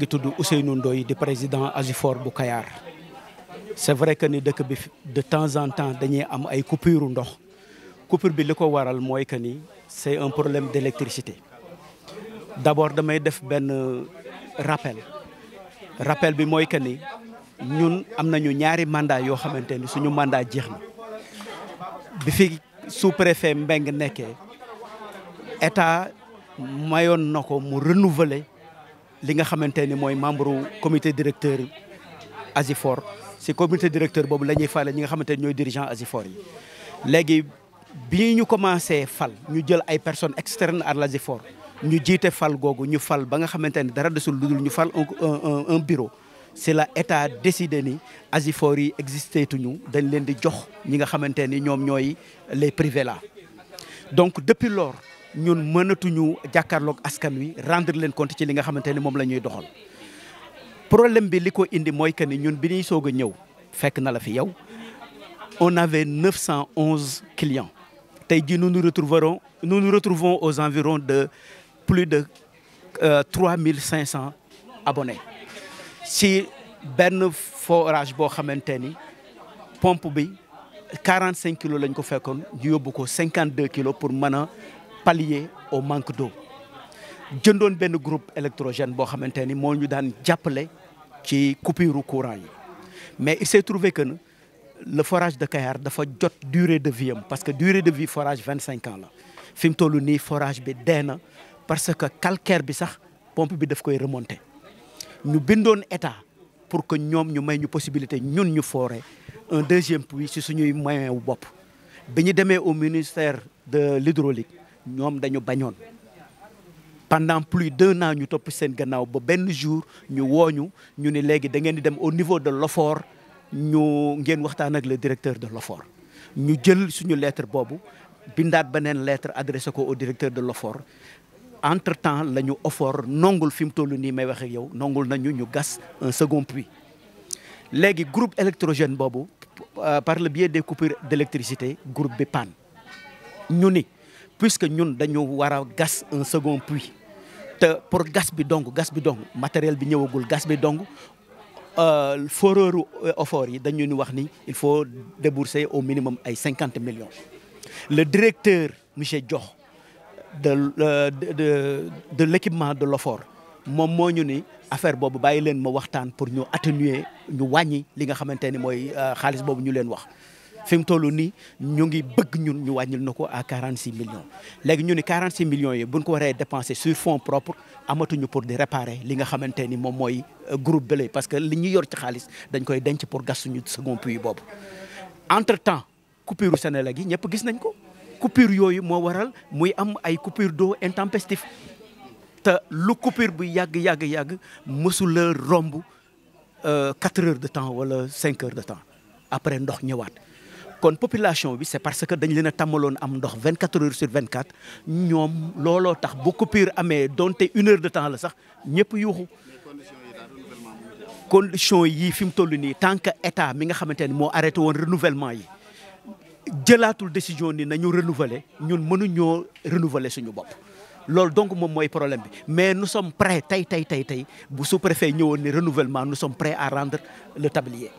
ngi tudd Ousseynou Ndoye di président Agifor bu kayaar c'est vrai que ni dëkk bi de temps en temps dañuy am ay coupure ndox coupure bi li ko waral mooy que ni c'est un problème d'électricité d'abord damay def benn rappel rappel bi mooy que ni ñun am nañu ñaari mandat yoo xamante ni suñu mandat jeex na bi fi sous-préfet Mbeng nekkee état mayoon na ko mu renouveler li nga xamante ni mooy membre comité directeur Asifor si comité directeur boobu la ñuy fale ñi nga xamante ni ñooy dirigeant Asifor yi léegi bi ñu commencé fal ñu jël ay personnes externes à l'Asifor ñu jiite fal googu ñu fal ba nga xamante ni dara desul lu dul ñu fal un un bureau si la état décidé ni Asifor yi existé tuñu dañ leen di jox ñi nga xamante ni ñoom ñooy les privés là donc depuis lors ñun mënatuñu jàkkaarloog askan wi rendre leen kont ci li nga xamante ni moom la ñuy doxal problème bi li ko indi mooy que ni ñun bi ñuy soog a ñëw fekk na la fi yow on avait 911 clients tey ji nous nous retrouverons nous nous retrouvons aux environs de plus de euh, 3500 abone si benn forage boo xamante ni pompe bi 45 kilos lañ ko fekkoon ñu yóbbu ko 52 kilos pour mën a pallier au manque d'eau jëndoon benn groupe électrogène boo xamante ni moo ñu daan jàppale ci coupure courant yi mais il s'est trouvé que le forage de Kayar dafa jot durée de vie parce que durée de vie forage vingt cinq ans la fi mu toll nii forage bi dee na parce que calcaire bi sax pomp bi daf koy remonter ñu bindoon état pour que ñoom ñu may ñu possibilité ñun ñu foore un deuxième puits si suñuy moyen wu bopp bi ñu demee au ministère de l'hydraulique ñoom dañu bañoon pendant plus d'un an ñu topp seen gannaaw ba benn jour ñu wooñu ñu ni léegi da ngeen di dem au niveau de l'OFOR ñu ngeen waxtaan ak le directeur de l'OFOR ñu jël suñu lettre boobu bindaat beneen lettre adressé ko au directeur de l'OFOR entre temps la ñu OFOR nongul fi mu toll nii may wax ak yow nongul nañu ñu gas un second puits léegi groupe électrogène boobu euh, par le biais des coupures d'électricité groupe bi panne ñu ni puisque ñun dañu war a gas un second puits te pour gas bi dong gas bi dong matériel bi ñëwagul gas bi dong euh, foreeru euh, effort yi dañu ñu wax ni il faut débourser au minimum ay cinquante millions le directeur monsieur Diokh de euh, de de l'équipement de l'OFOR moom moo ñu ni affaire boobu bàyyi leen ma waxtaan pour ñu atténuer ñu wàññi li nga xamante ni mooy xaalis boobu ñu leen wax fi mu toll nii ñu ngi bëgg ñun ñu wàññil na ko à 46 millions léegi ñu ni 46 millions yi bu ñu ko waree dépenser sur fonds propres amatuñu pour di réparer li nga xamante ni moom mooy euh, groupe bële parce que li ñu yor ci xaalis dañ koy denc pour gas suñu second boobu. entre temps coupure sene gi ñëpp gis nañ ko coupure yooyu moo waral muy am ay coupure d'eau intempestif te lu coupure bu yàgg yàgg yàgg mësul la romb 4 euh, heures de temps wala 5 de temps après ndox ñëwaat. kon population bi c'est parce que dañ leen a tàmmaloon am ndox 24 heures sur 24 ñoom looloo tax bu coupure amee donte une heure de temps la sax ñëpp yuuxu condition yi fi mu toll nii tant que état mi nga xamante ne moo arrêté woon renouvellement yi jëlaatul décision ni nañu renouveler ñun mënuñoo renouveler suñu bopp loolu donc moom mooy problème bi mais nous sommes prêts tey tey tey tey bu su préfet ñëwoon ni renouvellement nu sommes prêts à rendre le